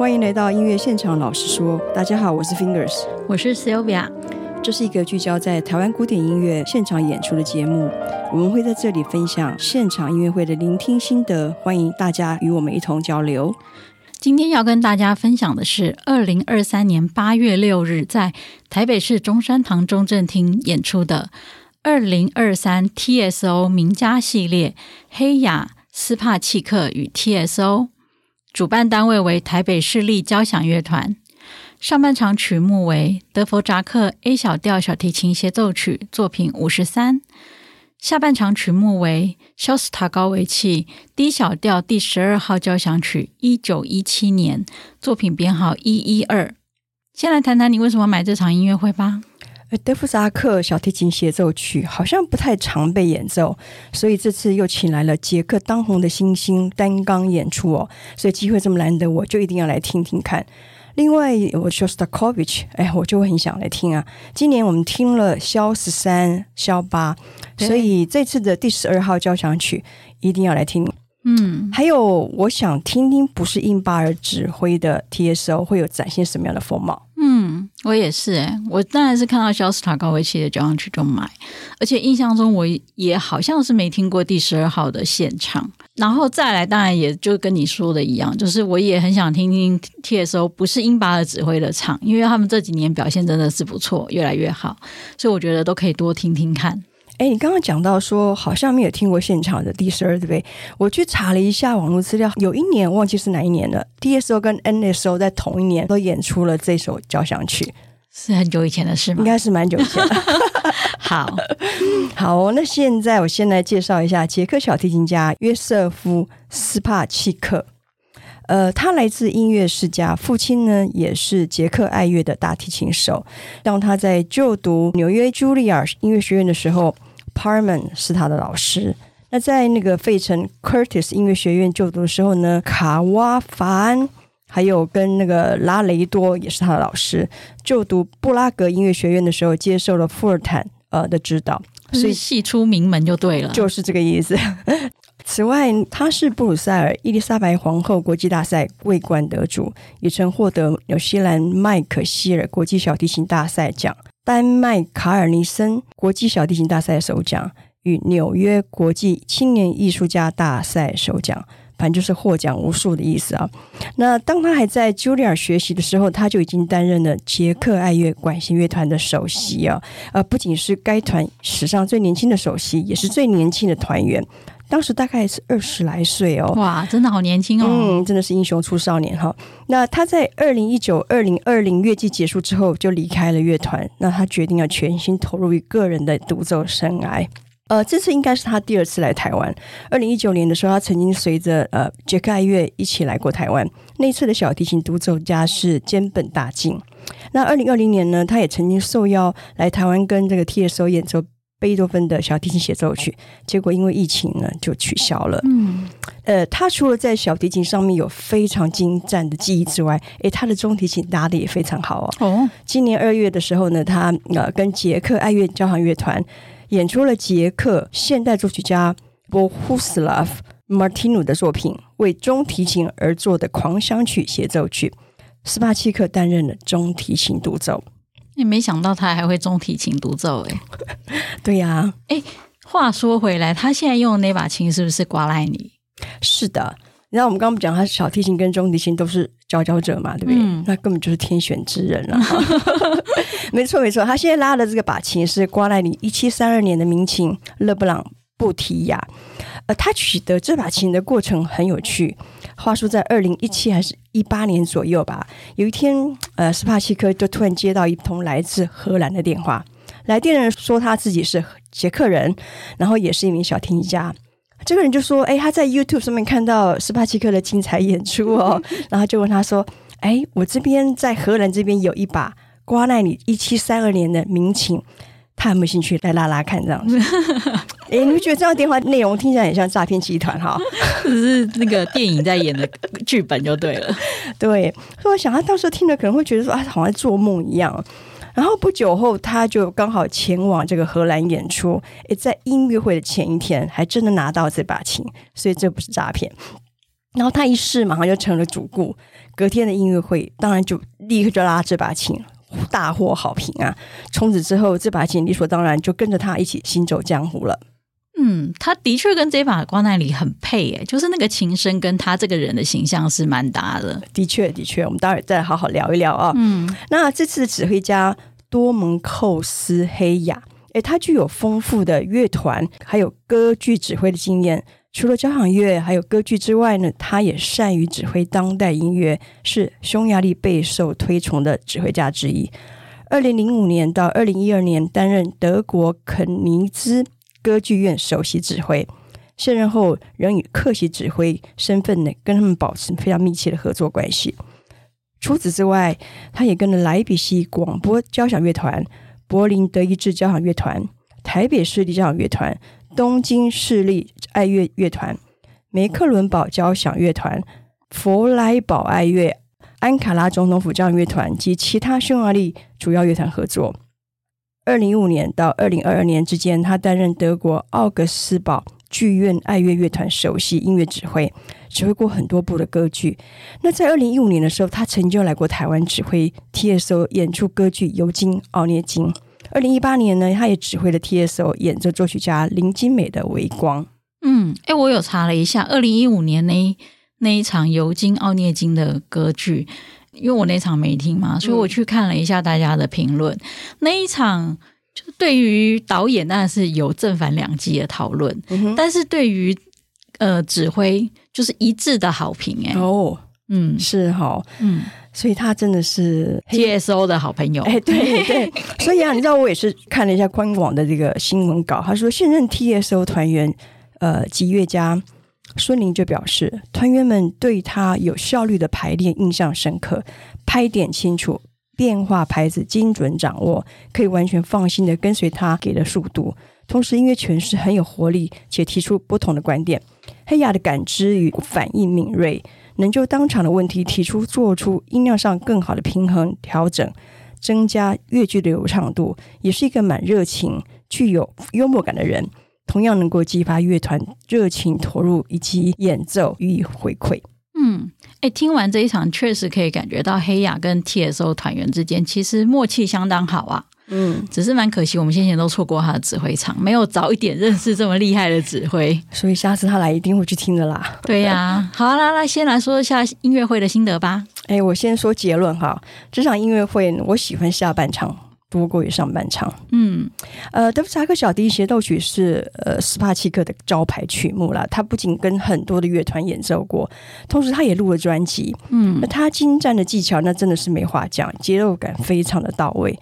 歡迎來到音樂現場，老實說，大家好，我是 Fingers，我是 Sylvia，這是一個聚焦在台灣古典音樂現場演出的節目，我們會在這裡分享現場音樂會的聆聽心得，歡迎大家與我們一同交流。今天要跟大家分享的是二零二三年八月六日在台北市中山堂中正廳演出的二零二三 T S O 名家系列，黑亞、斯帕契克與 T S O。主辦單位為台北市立交響樂團。上半場曲目為德弗乍克《A 小調小提琴協奏曲》作品五十三，下半場曲目為肖斯塔高維契《D 小調第十二號交響曲》一九一七年作品編號一一二。先來談談你為什麼買這場音樂會吧。呃，德弗乍克小提琴協奏曲好像不太常被演奏，所以這次又請來了捷克當紅的新星擔綱演出哦，所以機會這麼難得，我就一定要來聽聽看。另外，我說 Shostakovich，哎，我就會很想來聽啊。今年我們聽了肖十三、肖八，所以這次的第十二號交響曲一定要來聽。嗯，還有我想聽聽不是殷巴爾指揮的 T S O 會有展現什麼樣的風貌。嗯。我也是誒，我當然是看到蕭斯塔科維契的交響曲就買，而且印象中我也好像是沒聽過第十二號的現場。然後再來，當然也就跟你說的一樣，就是我也很想聽聽 T S O 不是殷巴爾的指揮的場，因為他們這幾年表現真的是不錯，越來越好，所以我覺得都可以多聽聽看。哎，你剛剛講到說好像沒有聽過現場的第十二，對不對？我去查了一下網絡資料，有一年忘記是哪一年了，T S O 跟 N S O 在同一年都演出了這首交響曲，是很久以前的事嗎？應該是蠻久以前。 好 好，那現在我先來介紹一下捷克小提琴家約瑟夫·斯帕契克。呃，他來自音樂世家，父親呢也是捷克愛樂的大提琴手，當他在就讀紐約茱莉亞音樂學院的時候，Parman 是他的老師。那在那個費城 Curtis 音樂學院就讀的時候呢，卡瓦凡還有跟那個拉雷多也是他的老師。就讀布拉格音樂學院的時候，接受了富爾坦呃的指導，所以系出名門就對了，就是這個意思。此外，他是布魯塞爾伊麗莎白皇后國際大賽桂冠得主，也曾獲得紐西蘭麥可希爾國際小提琴大賽獎。丹麥卡爾尼森國際小提琴大賽首獎與紐約國際青年藝術家大賽首獎，反正就是獲獎無數的意思啊。那當他還在 Julia 學習的時候，他就已經擔任了捷克愛樂管弦樂團的首席啊，呃，不僅是該團史上最年輕的首席，也是最年輕的團員。當時大概也是二十來歲哦，哇，真的好年輕哦，嗯，真的是英雄出少年哈。那他在二零一九、二零二零樂季結束之後就離開了樂團，那他決定要全心投入於個人的獨奏生涯。呃，這次應該是他第二次來台灣。二零一九年的時候，他曾經隨着呃捷克愛樂一起來過台灣，那一次的小提琴獨奏家是樫本大進。那二零二零年呢，他也曾經受邀來台灣跟這個 T S O 演奏。貝多芬的小提琴協奏曲，結果因為疫情呢就取消了。嗯，呃，他除了在小提琴上面有非常精湛的技藝之外，誒，他的中提琴拉的也非常好哦。哦，今年二月的時候呢，他呃跟捷克愛樂交響樂團演出了捷克現代作曲家波胡斯拉夫·馬丁努的作品《為中提琴而作的狂想曲協奏曲》，斯帕契克擔任了中提琴獨奏。也沒想到他還會中提琴獨奏哎，對呀、啊，哎，話說回來，他現在用的那把琴是不是瓜奈里？是的，然後我們剛剛不講，他小提琴跟中提琴都是佼佼者嘛，對不對？嗯、那根本就是天選之人了、啊。 沒錯沒錯，他現在拉的這個把琴是瓜奈里一七三二年的名琴勒布朗布提亞，呃，他取得這把琴的過程很有趣。話說在二零一七還是一八年左右吧，有一天，呃，斯帕契克就突然接到一通來自荷蘭的電話。來電人說他自己是捷克人，然後也是一名小提琴家。這個人就說：“誒、哎，他在 YouTube 上面看到斯帕契克的精彩演出哦， 然後就問他說：‘誒、哎，我這邊在荷蘭這邊有一把瓜奈里一七三二年的名琴。’”他很不興趣來拉拉看這樣子？ 誒，你不覺得這樣的電話內容聽起來很像詐騙集團哈？只是那個電影在演的劇本就對了。 對，所以我想他到時候聽了可能會覺得說啊，好像做夢一樣。然後不久後，他就剛好前往這個荷蘭演出。誒，在音樂會的前一天，還真的拿到這把琴，所以這不是詐騙。然後他一試，馬上就成了主顧。隔天的音樂會，當然就立刻就拉這把琴大獲好評啊！從此之後，這把琴理所當然就跟着他一起行走江湖了。嗯，他的確跟這把瓜奈里很配耶、欸。就是那個琴聲跟他這個人的形象是蠻搭的。的確，的確，我們待會再好好聊一聊啊。嗯，那這次的指揮家多蒙寇斯黑亞，欸、他具有豐富的樂團還有歌劇指揮的經驗。除了交響樂還有歌劇之外呢，他也善於指揮當代音樂，是匈牙利備受推崇的指揮家之一。二零零五年到二零一二年擔任德國肯尼茲歌劇院首席指揮，卸任後仍以客席指揮身份呢，跟他們保持非常密切的合作關係。除此之外，他也跟了萊比錫廣播交響樂團、柏林德意志交響樂團、台北市立交響樂團、東京市立愛樂樂團、梅克倫堡交響樂團、佛萊堡愛樂、安卡拉總統府交響樂團及其他匈牙利主要樂團合作。二零一五年到二零二二年之間，他擔任德國奧格斯堡劇院愛樂樂團首席音樂指揮，指揮過很多部的歌劇。那在二零一五年的時候，他曾經來過台灣指揮 TSO 演出歌劇《尤金·奧涅金》。二零一八年呢，他也指揮了 T.S.O 演奏作曲家林金美的《微光》。嗯，哎、欸，我有查了一下，二零一五年那那一場尤金奧涅金的歌劇，因為我那場沒聽嘛，所以我去看了一下大家的評論。嗯、那一場，就對於導演當然是有正反兩極的討論，嗯、哼但是對於呃指揮就是一致的好評、欸。哎，哦，嗯，是好吼嗯。所以他真的是 TSO 的好朋友。對對，對，所以啊，你知道我也是看了一下官網的這個新聞稿，他說現任 TSO 團員呃，擊樂家孫林就表示，團員們對他有效率的排練印象深刻，拍點清楚，變化拍子精準掌握，可以完全放心的跟隨他給的速度。同時，音樂詮釋很有活力，且提出不同的觀點。黑亞的感知與反應敏銳。能就當場的問題提出，做出音量上更好的平衡調整，增加樂句的流暢度，也是一個蠻熱情、具有幽默感的人。同樣能夠激發樂團熱情投入以及演奏予以回饋。嗯，誒，聽完這一場，確實可以感覺到黑亞跟 TSO 團員之間其實默契相當好啊。嗯，只是蠻可惜，我們先前都錯過他的指揮場，沒有早一點認識這麼厲害的指揮，所以下次他來一定會去聽的啦。對呀、啊，對好啦，那先來說一下音樂會的心得吧。哎，我先說結論哈，這場音樂會我喜歡下半場多過於上半場。嗯呃，呃，德弗乍克小提協奏曲是呃斯帕契克的招牌曲目啦。他不僅跟很多的樂團演奏過，同時他也錄了專輯。嗯，那他精湛的技巧那真的是沒話講，節奏感非常的到位。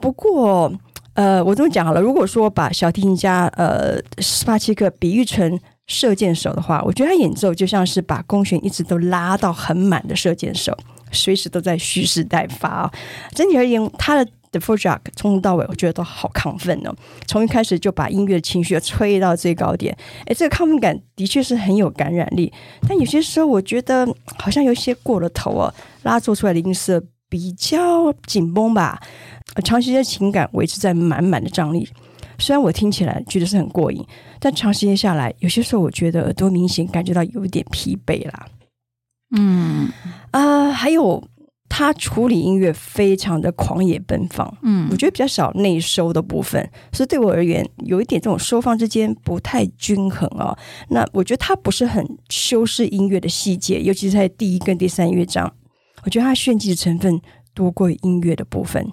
不過，呃，我這麼講好了。如果說把小提琴家，呃，斯帕契克比喻成射箭手的話，我覺得他演奏就像是把弓弦一直都拉到很滿的射箭手，隨時都在蓄勢待發哦。整體而言，他的德弗乍克從頭到尾，我覺得都好亢奮哦。從一開始就把音樂的情緒吹到最高點，哎，這個亢奮感的確是很有感染力。但有些時候，我覺得好像有些過了頭哦，拉做出來的音色，比較緊繃吧，長時間情感維持在滿滿的張力。雖然我聽起來覺得是很過癮，但長時間下來，有些時候我覺得耳朵明顯感覺到有點疲憊啦。嗯，啊、呃，還有他處理音樂非常的狂野奔放，嗯，我覺得比較少內收的部分，所以對我而言，有一點這種收放之間不太均衡哦。那我覺得他不是很修飾音樂的細節，尤其是在第一跟第三樂章。我覺得他炫技的成分多過於音樂的部分。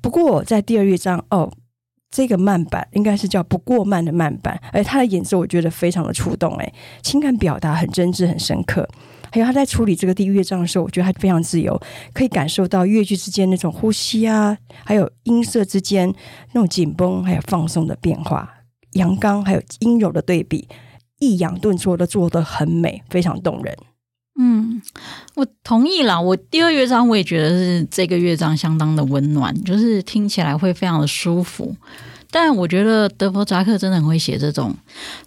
不過在第二樂章，哦，這個慢板應該是叫不過慢的慢板，而他的演奏我覺得非常的觸動，誒，情感表達很真摯、很深刻。還有他在處理這個第一樂章的時候，我覺得他非常自由，可以感受到樂句之間那種呼吸啊，還有音色之間那種緊繃還有放鬆的變化，陽剛還有陰柔的對比，抑揚頓挫都做得很美，非常動人。嗯，我同意啦。我第二樂章我也覺得是這個樂章相當的溫暖，就是聽起來會非常的舒服。但我覺得德弗乍克真的很會寫這種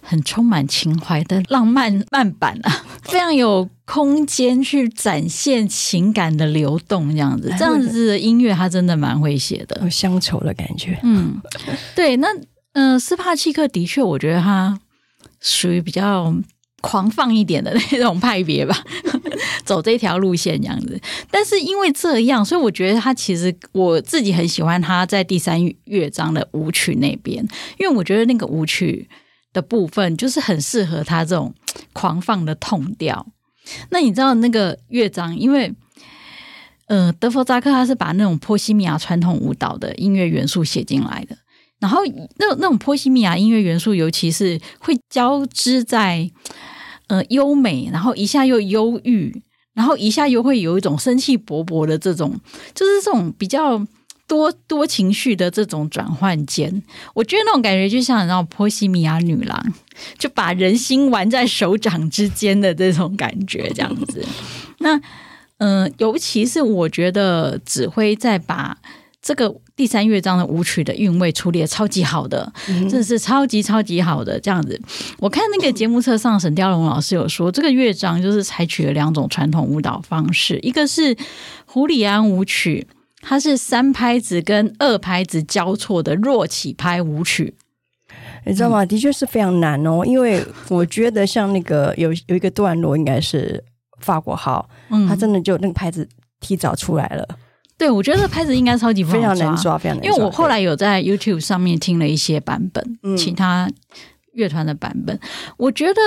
很充滿情懷的浪漫慢板啊，非常有空間去展現情感的流動，這樣子，這樣子的音樂他真的蠻會寫的，有鄉愁的感覺。嗯，對，那嗯、呃，斯帕契克的確，我覺得他屬於比較。狂放一點的那種派別吧， 走這條路線這樣子。但是因為這樣，所以我覺得他其實，我自己很喜歡他在第三樂章的舞曲那邊，因為我覺得那個舞曲的部分就是很適合他這種狂放的痛調。那你知道那個樂章？因為呃，德弗乍克他是把那種波西米亞傳統舞蹈的音樂元素寫進來的，然後那，那種波西米亞音樂元素，尤其是會交織在。呃，優美，然後一下又憂鬱，然後一下又會有一種生氣勃勃的這種，就是這種比較多多情緒的這種轉換間，我覺得那種感覺就像那種波西米亞女郎，就把人心玩在手掌之間的這種感覺，這樣子。 那，嗯、呃，尤其是我覺得指揮在把。這個第三樂章的舞曲的韻味處理超級好的，嗯、真的是超級超級好的這樣子。我看那個節目冊上沈雕龍老師有說，嗯、這個樂章就是採取了兩種傳統舞蹈方式，一個是胡里安舞曲，它是三拍子跟二拍子交錯的弱起拍舞曲，你知道嗎？的確是非常難哦，嗯、因為我覺得像那個有有一個段落應該是法國號，嗯、它真的就那個拍子提早出來了。對，我覺得拍子應該超級非常難抓，非常難抓。因為我後來有在 YouTube 上面聽了一些版本，嗯、其他樂團的版本，我覺得，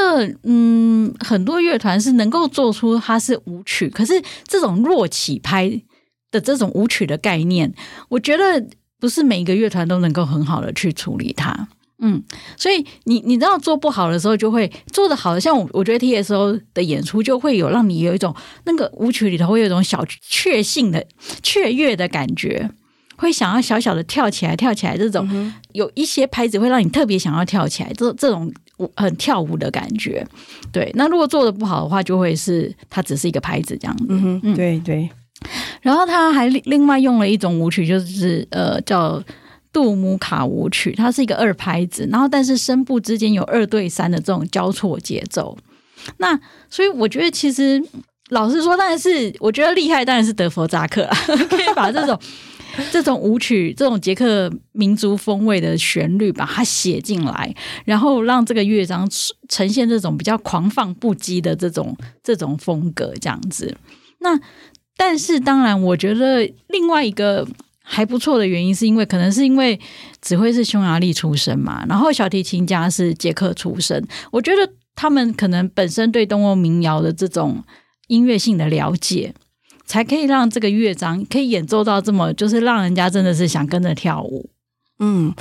嗯，很多樂團是能夠做出它是舞曲，可是這種弱起拍的這種舞曲的概念，我覺得不是每一個樂團都能夠很好的去處理它。嗯，所以你你知道做不好的時候，就會做的好，像我我覺得 TSO 的演出，就會有讓你有一種那個舞曲裡頭會有一種小確幸的、雀躍的感覺，會想要小小的跳起來，跳起來這種、嗯、哼有一些拍子會讓你特別想要跳起來，這種這種舞很跳舞的感覺。對，那如果做的不好的話，就會是它只是一個拍子這樣子。嗯嗯，對對、嗯。然後他還另外用了一種舞曲，就是呃叫。杜姆卡舞曲，它是一個二拍子，然後但是聲部之間有二對三的這種交錯節奏。那所以我覺得，其實老實說，但是我覺得厲害當然是德弗乍克，可以 把這種這種舞曲、這種捷克民族風味的旋律把它寫進來，然後讓這個樂章呈現這種比較狂放不羈的這種這種風格這樣子。那但是當然，我覺得另外一個。還不錯的原因是因為可能是因為指揮是匈牙利出身嘛，然後小提琴家是捷克出身，我覺得他們可能本身對東歐民謠的這種音樂性的了解，才可以讓這個樂章可以演奏到這麼，就是讓人家真的是想跟着跳舞。嗯，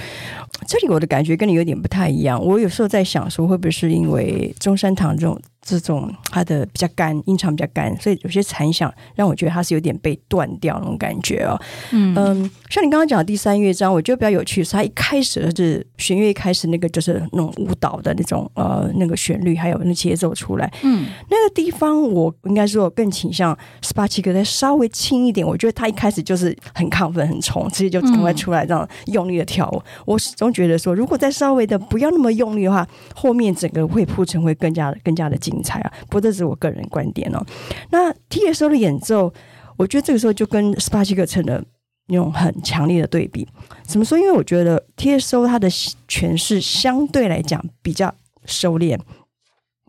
這裡我的感覺跟你有點不太一樣，我有時候在想說會不會是因為中山堂這種。這種它的比較乾，音場比較乾，所以有些殘響讓我覺得它是有點被斷掉的那種感覺哦。嗯嗯，像你剛剛講的第三樂章，我覺得比較有趣是它一開始就是弦樂一開始那個就是那種舞蹈的那種呃那個旋律還有那節奏出來。嗯，那個地方我應該說更傾向斯帕契克再稍微輕一點，我覺得他一開始就是很亢奮很衝，直接就趕快出來這樣用力的跳舞。嗯、我始終覺得說，如果再稍微的不要那麼用力的話，後面整個會鋪陳會更加更加的緊。精彩啊，不過這只是我個人觀點哦。那 T S O 的演奏，我覺得這個時候就跟 s 斯帕契克成了那種很強烈的對比。怎麼說？因為我覺得 T S O 它的詮釋相對來講比較收斂。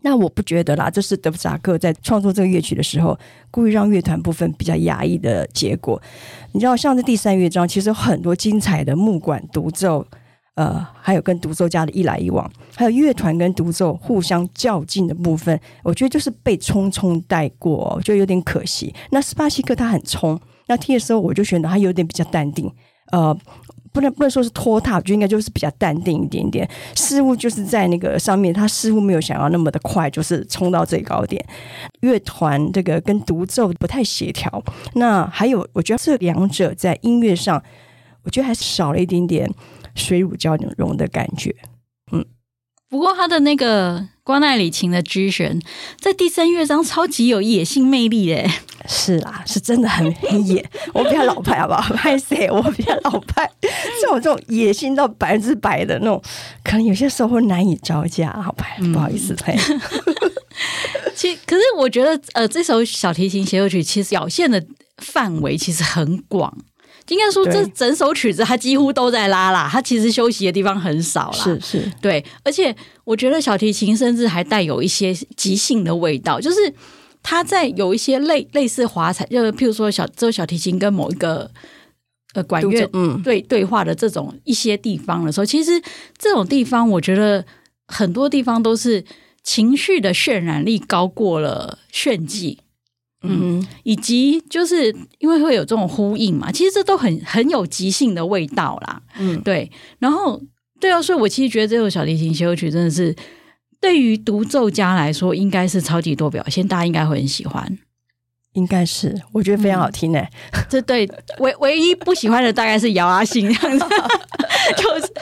那我不覺得啦，這是德弗乍克在創作這個樂曲的時候，故意讓樂團部分比較壓抑的結果。你知道，像這第三樂章，其實有很多精彩的木管獨奏。呃，還有跟獨奏家的一來一往，還有樂團跟獨奏互相較勁的部分，我覺得就是被匆匆帶過，哦，就有點可惜。那斯帕契克他很衝，那聽的時候我就覺得他有點比較淡定，呃，不能不能說是拖沓，就應該就是比較淡定一點點。似乎就是在那個上面，他似乎沒有想要那麼的快，就是衝到最高點。樂團這個跟獨奏不太協調。那還有，我覺得這兩者在音樂上，我覺得還是少了一點點水乳交融的感覺，嗯，不過他的那個瓜奈里琴的知弦，在第三樂章超級有野性魅力嘞，是啦、啊，是真的很野。 我比較老派好不好，派誰？我比較老派，像我這種野性到百分之百的那種，可能有些時候難以招架，好吧、嗯，不好意思，拍。 其可是我覺得，呃，這首小提琴協奏曲其實表現的範圍其實很廣。應該說，這整首曲子它幾乎都在拉啦，它其實休息的地方很少啦。是是，對，而且我覺得小提琴甚至還帶有一些即興的味道，就是它在有一些類類似華彩，就是譬如說小這小提琴跟某一個呃管樂嗯對對話的這種一些地方的時候，其實這種地方我覺得很多地方都是情緒的渲染力，高過了炫技。嗯，嗯，以及，就是因為會有這種呼應嘛，其實這都很很有即興的味道啦。嗯，對。然後，對啊，所以，我其實覺得這首小提琴協奏曲真的是對於獨奏家來說，應該是超級多表現，大家應該會很喜歡。應該是，我覺得非常好聽誒、欸。這、嗯、對唯唯一不喜歡的大概是姚阿信 這樣子， 就是。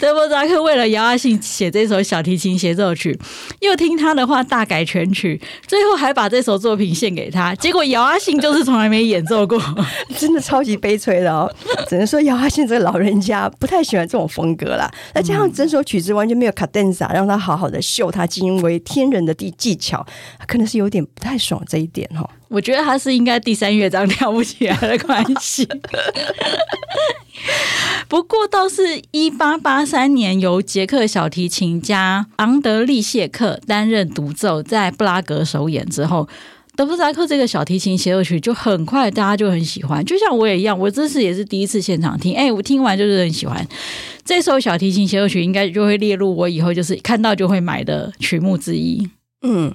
德弗乍克為了姚阿幸寫這首小提琴協奏曲，又聽他的話大改全曲，最後還把這首作品獻給他。結果姚阿幸就是從來沒演奏過， 真的超級悲催的哦。只能說姚阿幸這個老人家不太喜歡這種風格啦。那加上整首曲子完全沒有 cadenza，d 讓他好好的秀他驚為天人的技技巧，可能是有點不太爽這一點哈、哦。我覺得他是應該第三樂章跳不起來的關係。 不過，倒是一八八三年由捷克小提琴家昂德利謝克擔任獨奏，在布拉格首演之後，德弗札克這個小提琴協奏曲就很快，大家就很喜歡。就像我也一樣，我這次也是第一次現場聽，哎，我聽完就是很喜歡這首小提琴協奏曲，應該就會列入我以後就是看到就會買的曲目之一。嗯，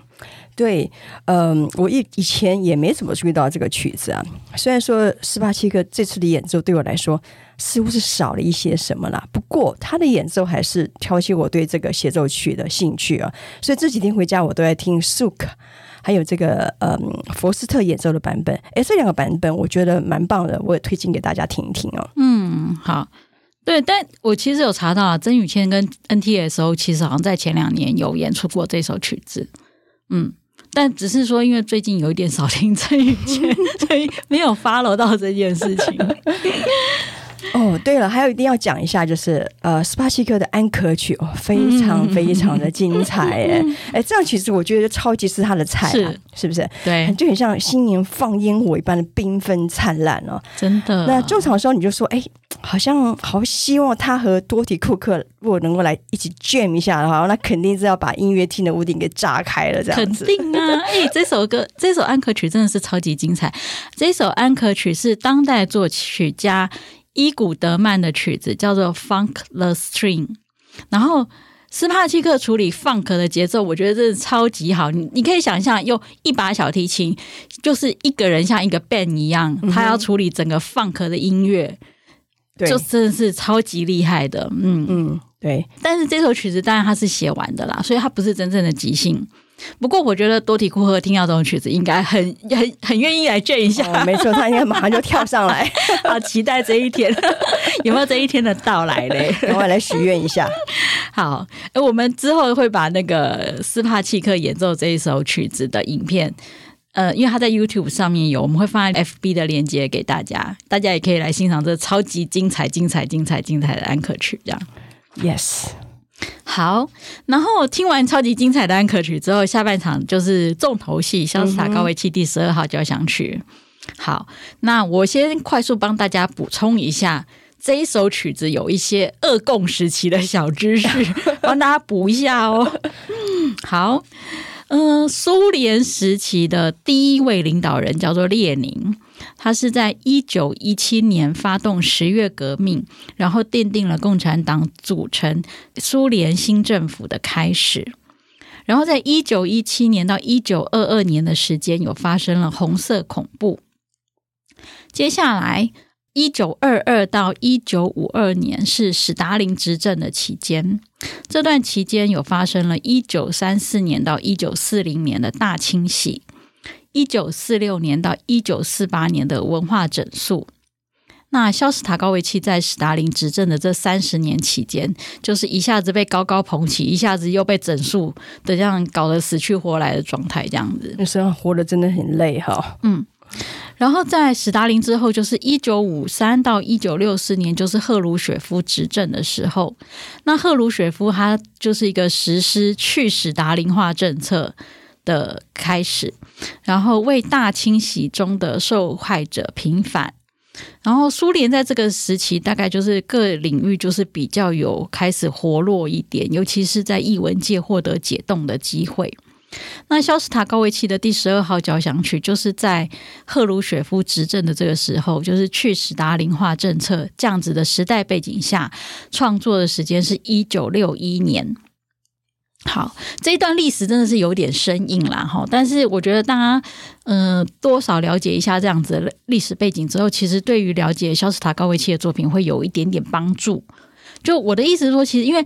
對，嗯，我以以前也沒怎麼注意到這個曲子啊。雖然說斯帕契克這次的演奏對我來說。似乎是少了一些什麼啦。不過他的演奏還是挑起我對這個協奏曲的興趣啊！所以這幾天回家我都在聽 Suk 還有這個嗯佛斯特演奏的版本。哎，這兩個版本我覺得蠻棒的，我也推薦給大家聽一聽哦。嗯，好。對，但我其實有查到啊，曾宇謙跟 NTSO 其實好像在前兩年有演出過這首曲子。嗯，但只是說因為最近有一點少聽曾宇謙， 所以沒有 follow 到這件事情。 哦，對了，還有一定要講一下，就是呃，斯帕契克的安可曲哦，非常非常的精彩哎！哎、嗯，這樣其實我覺得就超級是他的菜，啊，是是不是？對，很就很像新年放煙火一般的繽紛燦爛哦，真的。那中場的時候你就說，哎，好像好希望他和多提庫克如果能夠來一起 jam 一下的話，那肯定是要把音樂廳的屋頂給炸開了，這樣子。肯定啊，哎，這首歌這首安可曲真的是超級精彩，這首安可曲是當代作曲家。伊古德曼的曲子叫做《Funk the String》，然後斯帕契克處理 funk 的節奏，我覺得真的超級好。你你可以想象，用一把小提琴，就是一個人像一個 band 一樣，嗯、哼他要處理整個 funk 的音樂，對，就真的是超級厲害的。嗯嗯，對。但是這首曲子當然他是寫完的啦，所以他不是真正的即興。不過我覺得多提庫赫聽到這種曲子，應該很很很願意來捐一下。哦。沒錯，他應該馬上就跳上來 好期待這一天， 有沒有這一天的到來嘞？我們來許願一下。好，哎，我們之後會把那個斯帕契克演奏這一首曲子的影片，呃，因為他在 YouTube 上面有，我們會放在 FB 的鏈接給大家，大家也可以來欣賞這超級精彩、精彩、精彩、精彩的安可曲。這樣，Yes。好，然後聽完超級精彩的安可曲之後，下半場就是重頭戲——蕭斯塔科維契第十二號交響曲。嗯、哼好，那我先快速幫大家補充一下這一首曲子有一些二共時期的小知識， 幫大家補一下哦。 好。嗯，蘇聯、呃、時期的第一位領導人叫做列寧，他是在一九一七年發動十月革命，然後奠定了共產黨組成蘇聯新政府的開始。然後，在一九一七年到一九二二年的時間，有發生了紅色恐怖。接下來。一九二二到一九五二年是史達林執政的期間，這段期間有發生了一九三四年到一九四零年的大清洗，一九四六年到一九四八年的文化整肅。那肖斯塔科維奇在史達林執政的這三十年期間，就是一下子被高高捧起，一下子又被整肅的這樣搞得死去活來的狀態，這樣子，那生活活得真的很累哈。嗯。然後在史達林之後，就是一九五三到一九六四年，就是赫魯雪夫執政的時候。那赫魯雪夫他就是一個實施去史達林化政策的開始，然後為大清洗中的受害者平反。然後蘇聯在這個時期，大概就是各領域就是比較有開始活絡一點，尤其是在藝文界獲得解凍的機會。那肖斯塔高維奇的第十二號交響曲，就是在赫魯雪夫執政的這個時候，就是去史達林化政策這樣子的時代背景下創作的時間是一九六一年。好，這一段歷史真的是有點生硬啦。哈。但是我覺得大家嗯、呃，多少了解一下這樣子的歷史背景之後，其實對於了解肖斯塔高維奇的作品會有一點點幫助。就我的意思是說，其實因為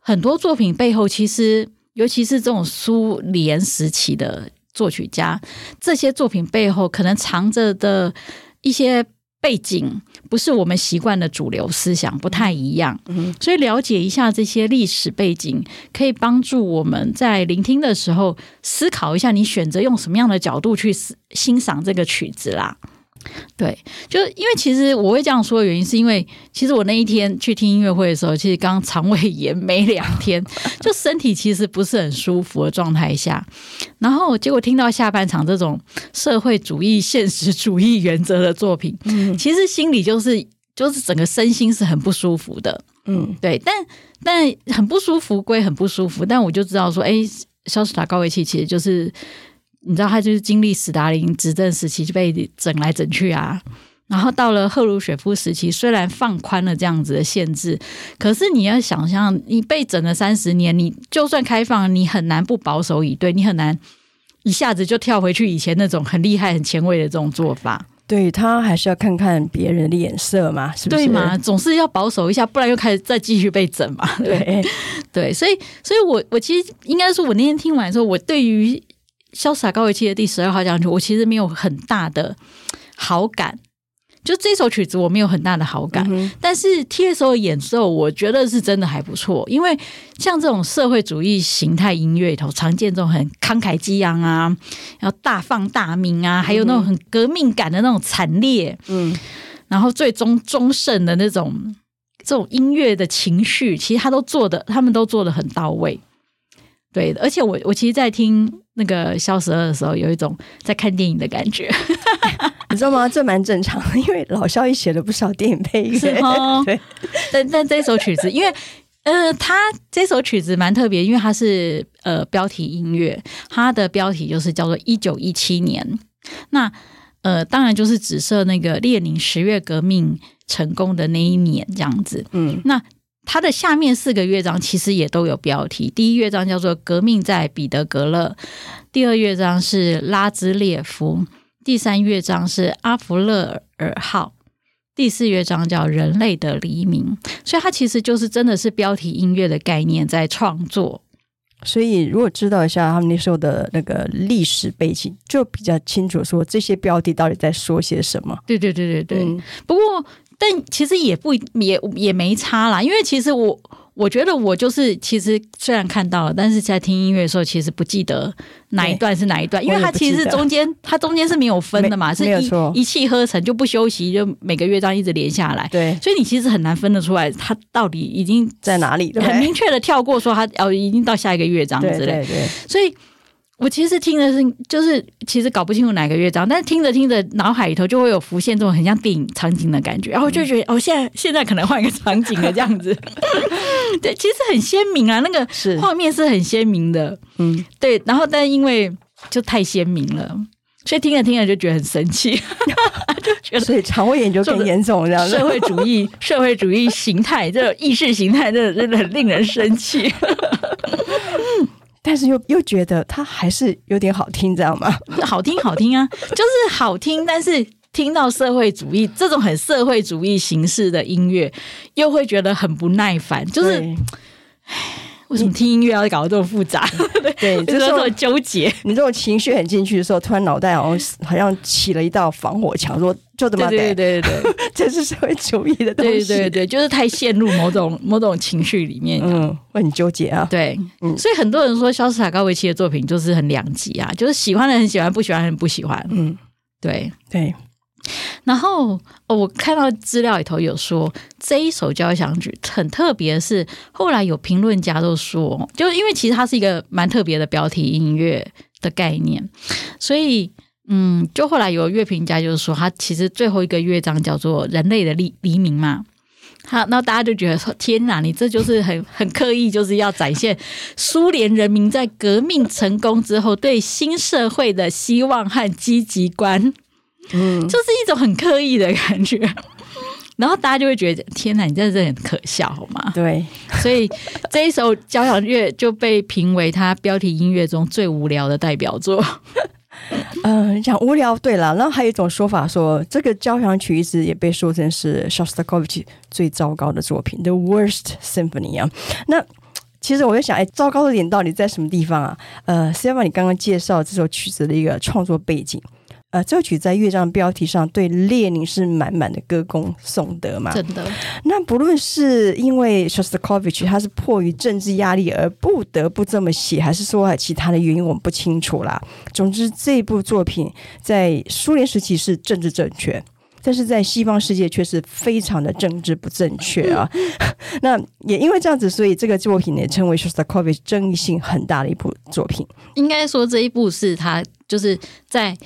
很多作品背後其實。尤其是這種蘇聯時期的作曲家，這些作品背後可能藏着的一些背景，不是我們習慣的主流思想，不太一樣。所以了解一下這些歷史背景，可以幫助我們在聆聽的時候思考一下，你選擇用什麼樣的角度去欣賞這個曲子啦。對，就是因為其實我會這樣說的原因，是因為其實我那一天去聽音樂會的時候，其實剛腸胃炎沒兩天，就身體其實不是很舒服的狀態下，然後結果聽到下半場這種社會主義現實主義原則的作品，嗯、其實心裡就是就是整個身心是很不舒服的，嗯，對，但但很不舒服歸很不舒服，但我就知道說，哎，蕭斯塔科維契其實就是。你知道他就是經歷史達林執政時期就被整來整去啊，然後到了赫魯雪夫時期，雖然放寬了這樣子的限制，可是你要想象你被整了三十年，你就算開放，你很難不保守以對，你很難一下子就跳回去以前那種很厲害、很前衛的這種做法對。對他還是要看看別人的臉色嘛，是不是？對嘛，總是要保守一下，不然又開始再繼續被整嘛。對對，對，所以所以我我其實應該說，我那天聽完的時候，我對於，《蕭斯塔科維契》的第十二號交響曲，我其實沒有很大的好感。就這首曲子，我沒有很大的好感。嗯、哼但是 TSO 演奏，我覺得是真的還不錯。因為像這種社會主義形態音樂裡頭，常見這種很慷慨激昂啊，要大放大鳴啊，嗯、哼還有那種很革命感的那種慘烈，嗯，然後最終終勝的那種這種音樂的情緒，其實他都做的，他們都做的很到位。對的，而且我我其實，在聽那個《肖十二》的時候，有一種在看電影的感覺， 你知道嗎？這蠻正常的，因為老肖也寫了不少電影配樂，是後對。但但這首曲子，因為呃，他這首曲子蠻特別，因為它是呃標題音樂，它的標題就是叫做《一九一七年》。那呃，當然就是指涉那個列寧十月革命成功的那一年這樣子。嗯。那。它的下面四個樂章其實也都有標題，第一樂章叫做《革命在彼得格勒》，第二樂章是《拉茲列夫》，第三樂章是《阿弗勒爾號》，第四樂章叫《人類的黎明》。所以它其實就是真的是標題音樂的概念在創作。所以如果知道一下他們那時候的那個歷史背景，就比較清楚說這些標題到底在說些什麼。對對對對對。嗯、不過。但其實也不也也沒差啦。因為其實我我覺得我就是其實雖然看到了，但是在聽音樂的時候其實不記得哪一段是哪一段，對因為它其實中間它中間是沒有分的嘛，是一一氣呵成就不休息，就每個樂章一直連下來，對，所以你其實很難分得出來它到底已經在哪裡，很明確的跳過說它已經到下一個樂章之類的，對，對，對，所以。我其實聽的是，就是其實搞不清楚哪個樂章，但是聽着聽着，腦海裡頭就會有浮現這種很像電影場景的感覺，然後就覺得，哦，現在現在可能換一個場景了這樣子。 對，其實很鮮明啊，那個畫面是很鮮明的，嗯是，對。然後，但是因為就太鮮明了，所以聽着聽着就覺得很神奇，嗯、 就覺得，所以腸胃炎就更嚴重了。社會主義， 社會主義形態，這種意識形態，真的真的很令人生氣。 嗯但是又又覺得它還是有點好聽，知道嗎？好聽好聽啊，就是好聽。 但是聽到社會主義這種很社會主義形式的音樂，又會覺得很不耐煩，就是。你聽音樂要，搞得這麼複雜，你 對，就是對這麼糾結。說 你這種情緒很進去的時候，突然腦袋好像好像起了一道防火牆，說就這麼對對對，這是社會主義的東西，對，對對對，就是太陷入某種某種情緒裡面，嗯，會很糾結啊。對，嗯、所以很多人說蕭斯塔科維契的作品就是很兩極啊，就是喜歡的人很喜歡，不喜歡的人不喜歡。嗯，對對。對然後，哦，我看到資料裡頭有說這一首交響曲很特別是，是後來有評論家都說，就是因為其實它是一個蠻特別的標題音樂的概念，所以嗯，就後來有樂評家就是說，它其實最後一個樂章叫做“人類的黎黎明”嘛，好，那大家就覺得說天哪，你這就是很很刻意，就是要展現蘇聯人民在革命成功之後對新社會的希望和積極觀。嗯， 就是一種很刻意的感覺，然後大家就會覺得天哪，你在這真的很可笑，好嗎？對，所以這一首交響樂就被評為它標題音樂中最無聊的代表作。嗯，講無聊對了，然後還有一種說法說，這個交響曲一直也被說成是肖斯塔科維奇最糟糕的作品，The Worst Symphony 啊。那其實我就想，哎、欸，糟糕的點到底在什麼地方啊？呃，Seven，你剛剛介紹這首曲子的一個創作背景。呃，這曲在樂章標題上對列寧是滿滿的歌功頌德嘛？真的。那不論是因為 Shostakovich 他是迫於政治壓力而不得不這麼寫，還是說其他的原因，我們不清楚啦。總之，這部作品在蘇聯時期是政治正確，但是在西方世界卻是非常的政治不正確啊。 那也因為這樣子，所以這個作品也稱為 Shostakovich 爭議性很大的一部作品。應該說，這一部是他就是在。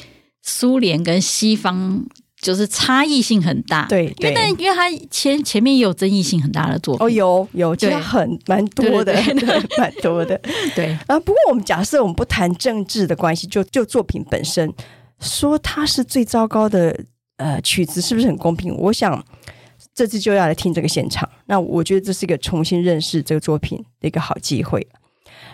蘇聯跟西方就是差異性很大，對，因為但因為他前前面也有爭議性很大的作品，哦，有有，其實很對蠻多的，蠻多的， 對。啊，不過我們假設我們不談政治的關係，就就作品本身，說它是最糟糕的呃曲子，是不是很公平？我想這次就要來聽這個現場，那我覺得這是一個重新認識這個作品的一個好機會。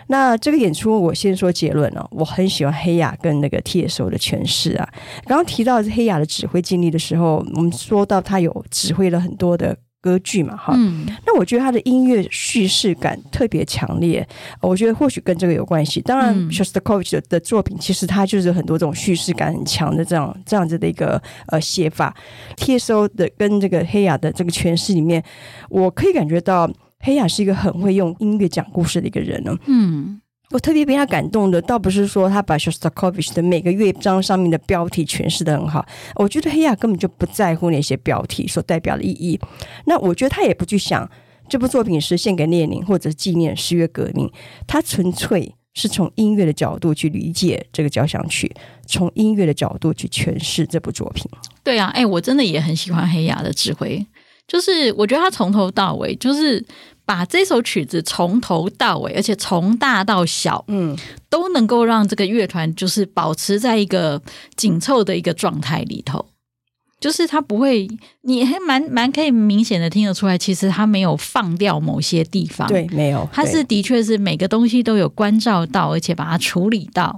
那這個演出，我先說結論哦，我很喜歡黑雅跟那個 T S O 的詮釋啊。剛剛提到黑雅的指揮經歷的時候，我們說到他有指揮了很多的歌劇嘛，哈、嗯。那我覺得他的音樂敘事感特別強烈，我覺得或許跟這個有關係。當然 Shostakovich 的作品其實他就是很多這種敘事感很強的這樣這樣子的一個呃寫法。T S O 的跟這個黑雅的這個詮釋裡面，我可以感覺到。黑雅是一個很會用音樂講故事的一個人呢、啊。嗯，我特別被他感動的，倒不是說他把 k 斯 v 科 c h 的每個樂章上面的標題詮釋的很好。我覺得黑雅根本就不在乎那些標題所代表的意義。那我覺得他也不去想這部作品是獻給列寧或者紀念十月革命。他純粹是從音樂的角度去理解這個交響曲，從音樂的角度去詮釋這部作品。對啊，哎、欸，我真的也很喜歡黑雅的指揮。就是我覺得他從頭到尾，就是把這首曲子從頭到尾，而且從大到小，嗯，都能夠讓這個樂團就是保持在一個緊湊的一個狀態裡頭。就是他不會，你還蠻蠻可以明顯的聽得出來，其實他沒有放掉某些地方，對，沒有，他是的確是每個東西都有關照到，而且把它處理到，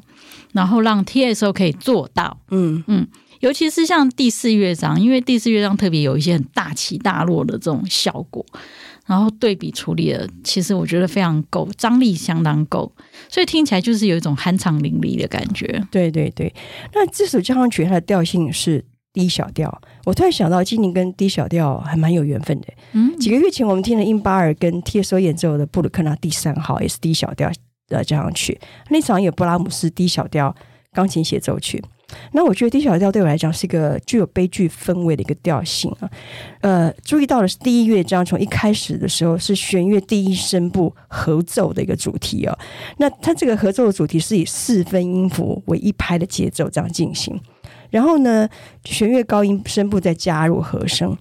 然後讓 TSO 可以做到，嗯嗯。嗯尤其是像第四樂章，因為第四樂章特別有一些很大起大落的這種效果，然後對比處理的，其實我覺得非常夠，張力相當夠，所以聽起來就是有一種酣暢淋漓的感覺。對對對，那這首交響曲它的調性是 D 小調，我突然想到，今年跟 D 小調還蠻有緣分的。嗯，幾個月前我們聽了殷巴爾跟 TSO 演奏的布魯克納第三號，也是 D 小調的交響曲，那場有布拉姆斯 D 小調鋼琴協奏曲。那我覺得 d 小調對我來講是一個具有悲劇氛圍的一個調性啊，呃，注意到的是第一樂章從一開始的時候是弦樂第一聲部合奏的一個主題哦，那它這個合奏的主題是以四分音符為一拍的節奏這樣進行，然後呢，弦樂高音聲部再加入和聲，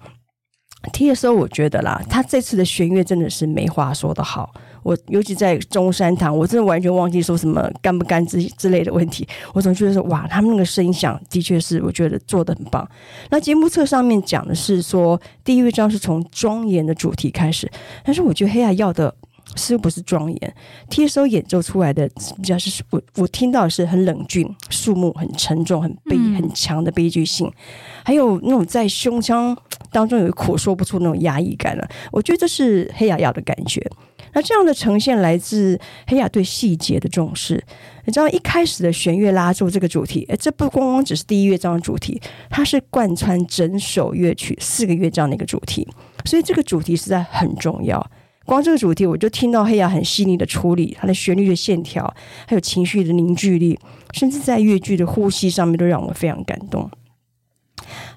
聽的時候我覺得啦，他這次的弦樂真的是沒話說的好。我尤其在中山堂，我真的完全忘記說什麼乾不乾之之類的問題。我總覺得說，哇，他們那個聲響的確是，我覺得做得很棒。那節目冊上面講的是說，第一篇章是從莊嚴的主題開始，但是我覺得黑亞要的是不是莊嚴。TSO 演奏出來的，知道是，我我聽到的是很冷峻、肅穆、很沉重、很悲很強的悲劇性，嗯、還有那種在胸腔當中有一苦說不出那種壓抑感了、啊。我覺得這是黑亞要的感覺。那這樣的呈現來自黑雅對細節的重視。你知道一開始的弦樂拉住這個主題，哎、欸，這不光光只是第一樂章的主題，它是貫穿整首樂曲四個樂章的一個主題。所以這個主題實在很重要。光這個主題，我就聽到黑雅很細膩的處理它的旋律的線條，還有情緒的凝聚力，甚至在樂句的呼吸上面都讓我非常感動。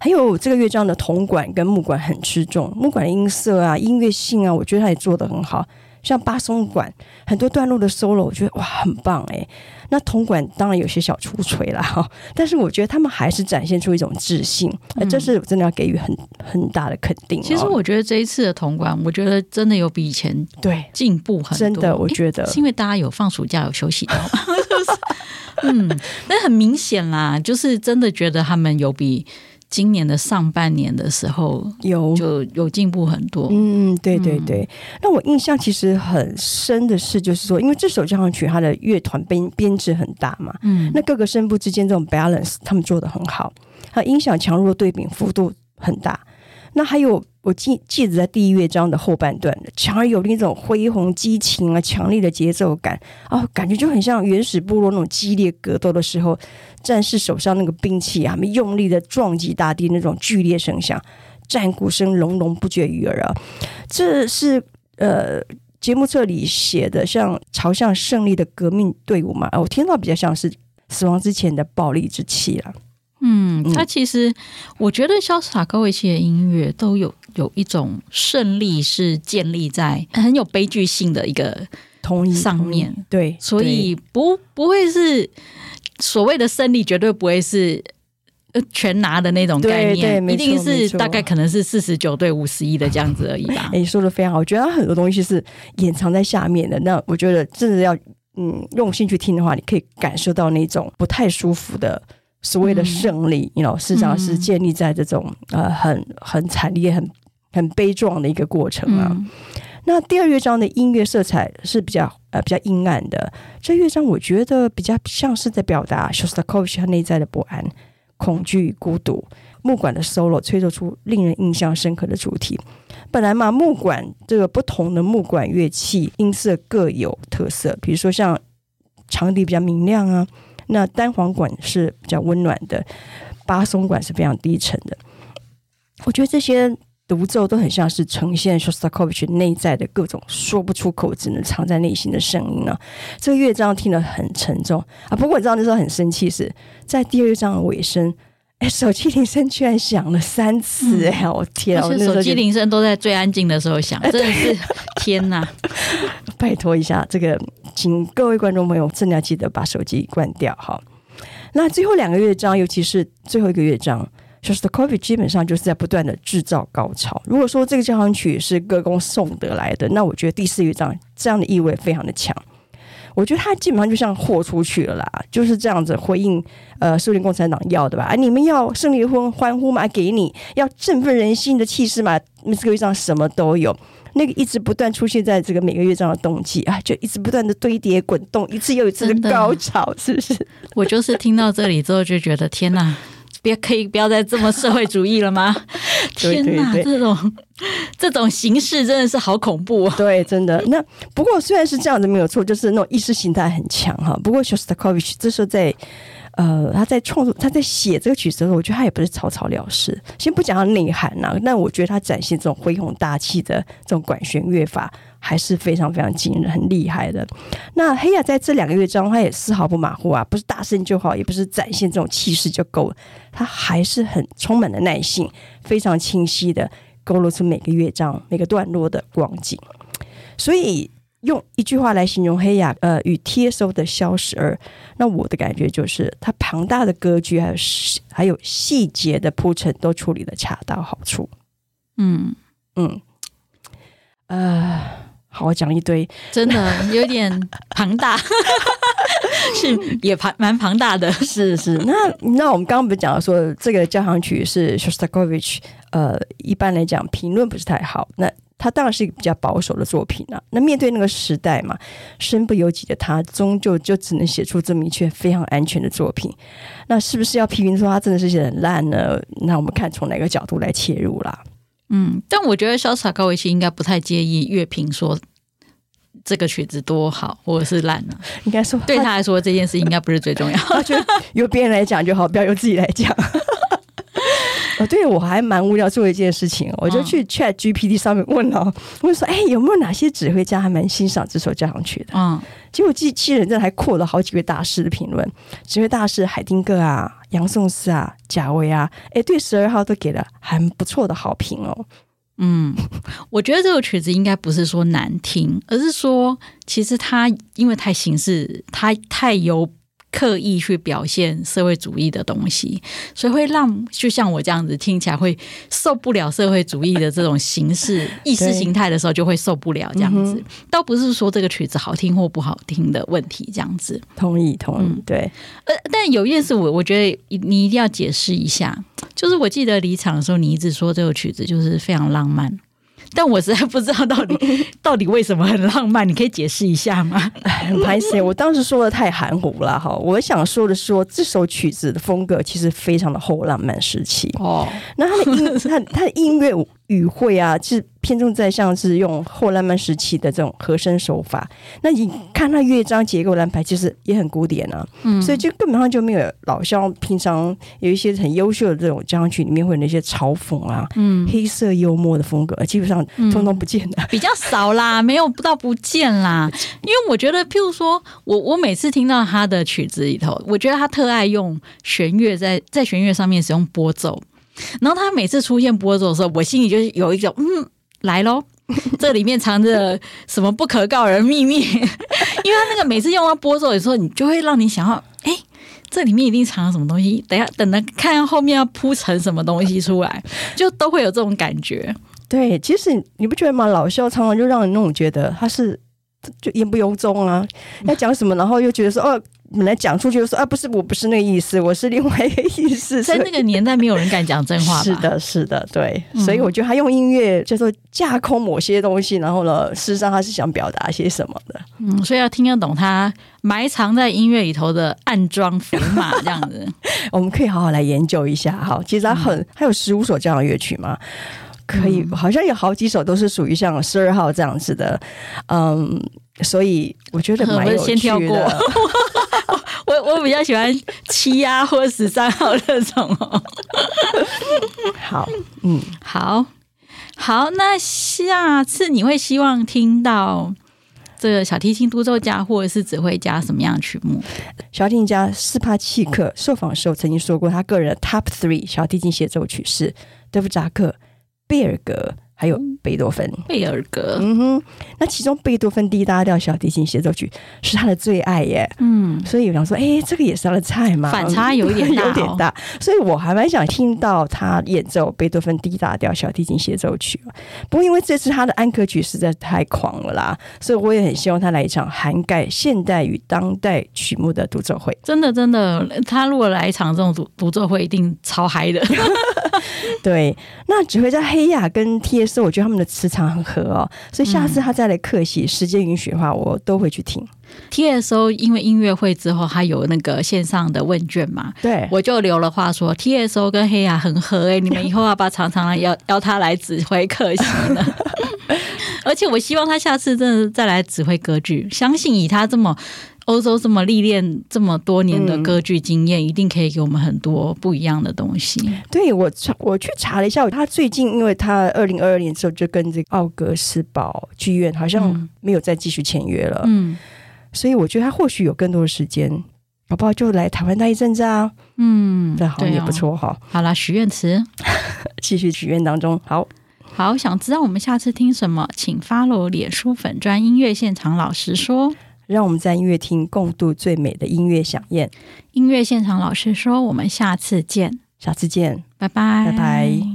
還有這個樂章的銅管跟木管很吃重，木管的音色啊、音樂性啊，我覺得他也做得很好。像巴松管很多段落的 solo，我覺得哇很棒哎、欸！那銅管當然有些小出槌了哈、哦，但是我覺得他們還是展現出一種自信，哎、嗯，這是我真的要給予很很大的肯定、哦。其實我覺得這一次的銅管，我覺得真的有比以前對進步很多，真的我覺得是因為大家有放暑假有休息的。 嗯，但很明顯啦，就是真的覺得他們有比。今年的上半年的時候，有就有進步很多。嗯，對對對。嗯、那我印象其實很深的是，就是說，因為這首交響曲它的樂團編編制很大嘛，嗯，那各個聲部之間這種 balance，他們做得很好。它音響強弱對比幅度很大，那還有。我記記得在第一樂章的後半段，強而有力那種恢宏激情啊，強烈的節奏感啊。哦，感覺就很像原始部落那種激烈格鬥的時候，戰士手上那個兵器啊，他們用力的撞擊大地那種劇烈聲響，戰鼓聲隆隆不絕於耳啊。這是呃節目冊裡寫的，像朝向勝利的革命隊伍嘛。哦，我聽到比較像是死亡之前的暴力之氣了啊。嗯，他其實、嗯、我覺得蕭斯塔科維契的音樂都有有一種勝利是建立在很有悲劇性的一個同意上面。對，所以不不會是所謂的勝利，絕對不會是全拿的那種概念，對，對，沒錯，一定是大概可能是四十九對五十一的這樣子而已吧。哎，說得非常好，我覺得他很多東西是隱藏在下面的。那我覺得真的要嗯用心去聽的話，你可以感受到那種不太舒服的。所謂的勝利，你知道，you know, 事實上是建立在這種、嗯、呃很很慘烈、很很悲壯的一個過程啊。嗯、那第二樂章的音樂色彩是比較呃比較陰暗的，這樂章我覺得比較像是在表達肖斯塔科維奇他內在的不安、恐懼孤獨。木管的 solo 吹奏出、出令人印象深刻的主題。本來嘛，木管這個不同的木管樂器音色各有特色，比如說像長笛比較明亮啊。那單簧管是比較溫暖的，巴松管是非常低沉的。我覺得這些獨奏都很像是呈現蕭斯塔科維契內在的各種說不出口、只能藏在內心的聲音呢、啊。這個樂章聽得很沉重啊，不過我知道那時候很生氣是在第二章的尾聲。手機鈴聲居然響了三次，欸！哎、嗯，我天！手機鈴聲都在最安靜的時候響， 真的是天哪！ 拜託一下，這個，請各位觀眾朋友真的要記得把手機關掉。哈。那最後兩個樂章，尤其是最後一個樂章，就是蕭斯塔科維契基本上就是在不斷的製造高潮。如果說這個交響曲是歌功頌德來的，那我覺得第四樂章這樣的意味非常的強。我覺得他基本上就像豁出去了啦，就是這樣子回應呃，蘇聯共產黨要的吧？啊、你們要勝利婚歡呼嘛，給你要振奮人心的氣勢嘛，每個樂章什麼都有，那個一直不斷出現在這個每個樂章的動機啊，就一直不斷的堆疊滾動，一次又一次的高潮，的是不是？我就是聽到這裡之後就覺得天哪！ 別可以不要再這麼社會主義了嗎？天吶，這種這種形式真的是好恐怖啊。對，真的。那不過雖然是這樣子沒有錯，就是那種意識形態很強哈。不過 Shostakovich 這時候在呃，他在創作，他在寫這個曲子的時候，我覺得他也不是草草了事。先不講他內涵啊，那我覺得他展現這種恢宏大氣的這種管弦樂法。還是非常非常驚人、很厲害的。那黑亞在這兩個樂章，他也絲毫不馬虎啊，不是大聲就好，也不是展現這種氣勢就夠了，他還是很充滿了耐性，非常清晰的勾勒出每個樂章、每個段落的光景。所以用一句話來形容黑亞，呃，與 TSO 的肖十二，那我的感覺就是，他龐大的格局還有還有細節的鋪陳都處理得恰到好處。嗯嗯，呃。好，好講一堆，真的那有點龐大， 是也龐蠻龐大的。是是，那那我們剛剛不是講到說這個交響曲是蕭斯塔科維契呃，一般來講評論不是太好。那他當然是一個比較保守的作品啊。那面對那個時代嘛，身不由己的他，終究就只能寫出這麼一闋非常安全的作品。那是不是要批評說他真的是寫得很爛呢？那我們看從哪個角度來切入啦。嗯，但我覺得蕭斯塔科維契應該不太介意樂評說這個曲子多好或者是爛了啊。應該說，對他來說這件事應該不是最重要。 我覺得由別人來講就好，不要由自己來講。哦，對，我還蠻無聊做一件事情、哦，嗯、我就去 Chat GPT 上面問了、哦，問說，哎，有沒有哪些指揮家還蠻欣賞這首交響曲的？嗯，結果機器人這還擴了好幾位大師的評論，幾位大師，海廷克啊、楊頌斯啊、賈維啊，哎，對十二號都給了很不錯的好評哦。嗯，我覺得這首曲子應該不是說難聽，而是說其實它，因為太形式，它太有。刻意去表現社會主義的東西，所以會讓就像我這樣子聽起來會受不了社會主義的這種形式 對意識形態的時候，就會受不了這樣子。倒、嗯、哼不是說這個曲子好聽或不好聽的問題，這樣子。同意，同意，對。呃、嗯，但有一件事，我我覺得你一定要解釋一下，就是我記得離場的時候，你一直說這個曲子就是非常浪漫。但我實在不知道到底到底為什麼很浪漫， 你可以解釋一下嗎？不 好意思，我當時說的太含糊了哈，我想說的說這首曲子的風格其實非常的後浪漫時期哦，那他的音， 他的，他的音樂。語彙啊，其實偏重在像是用後浪漫時期的這種和聲手法。那你看他樂章結構安排，其實也很古典啊。嗯、所以就根本上就沒有老蕭平常有一些很優秀的這種交響曲裡面會有那些嘲諷啊、嗯，黑色幽默的風格，基本上通通不見的、嗯，比較少啦，沒有不到不見啦。 因為我覺得，譬如說我我每次聽到他的曲子裡頭，我覺得他特愛用弦樂在在弦樂上面使用撥奏。然後他每次出現撥奏的時候，我心裡就是有一種嗯，來嘍，這裡面藏着什麼不可告人秘密？ 因為他那個每次用到撥奏的時候，你就會讓你想要，哎，這裡面一定藏了什麼東西。等下，等下，看後面要鋪成什麼東西出來，就都會有這種感覺。對，其實你不覺得嗎？老蕭常常就讓人那種覺得他是就言不由衷啊，嗯、要講什麼，然後又覺得說哦。來講出去就說啊，不是，我不是那個意思，我是另外一個意思。 在那個年代，沒有人敢講真話。是的，是的，對。嗯、所以我覺得他用音樂叫做架空某些東西，然後呢，事實上他是想表達些什麼的。嗯，所以要聽得懂他埋藏在音樂裡頭的暗裝伏馬這樣子。 我們可以好好來研究一下哈。其實他很，他、嗯、有十五首這樣的樂曲嘛？可以，嗯、好像有好幾首都是屬於像十二號這樣子的。嗯，所以我覺得蠻有趣的。 oh, 我我比較喜歡七啊 或十三號這種哦。 好，嗯，好，好，那下次你會希望聽到這個小提琴獨奏家或者是指揮家什麼樣的曲目？小提琴家斯帕契克、嗯、受訪的時候曾經說過，他個人的 Top Three 小提琴協奏曲是德弗乍克、貝爾格。還有貝多芬、貝爾格，嗯哼，那其中貝多芬 D 大調小提琴協奏曲是他的最愛耶，嗯，所以我想說，哎、欸，這個也是他的菜嗎？反差有一點大、哦、 有點大，所以我還蠻想聽到他演奏貝多芬 D 大調小提琴協奏曲。不過因為這次他的安可曲實在太狂了啦，所以我也很希望他來一場涵蓋現代與當代曲目的獨奏會。真的，真的，他如果來一場這種獨獨奏會，一定超嗨的。 對，那只會在黑亞跟天。是我覺得他們的磁場很合哦，所以下次他再來客席，嗯、時間允許的話，我都會去聽。 T S O 因為音樂會之後還有那個線上的問卷嘛，對，我就留了話說，T S O 跟黑亞很合哎、欸，你們以後要不要常常要邀 他來指揮客席呢？ 而且我希望他下次真的再來指揮歌劇，相信以他這麼。歐洲這麼歷練這麼多年的歌劇經驗，嗯、一定可以給我們很多不一樣的東西。對，我查，我去查了一下，他最近因為他二零二二年的時候就跟這個奧格斯堡劇院好像沒有再繼續簽約了。嗯，所以我覺得他或許有更多的時間，好不好？就來台灣待一陣子啊。嗯，那好也不錯哈、哦。好了，許願詞繼續許願當中。好好，我想知道我們下次聽什麼，請 follow 臉書粉專音樂現場老實說。讓我們在音樂廳共度最美的音樂饗宴。音樂現場老實說：“我們下次見，下次見，拜拜 bye，拜拜。”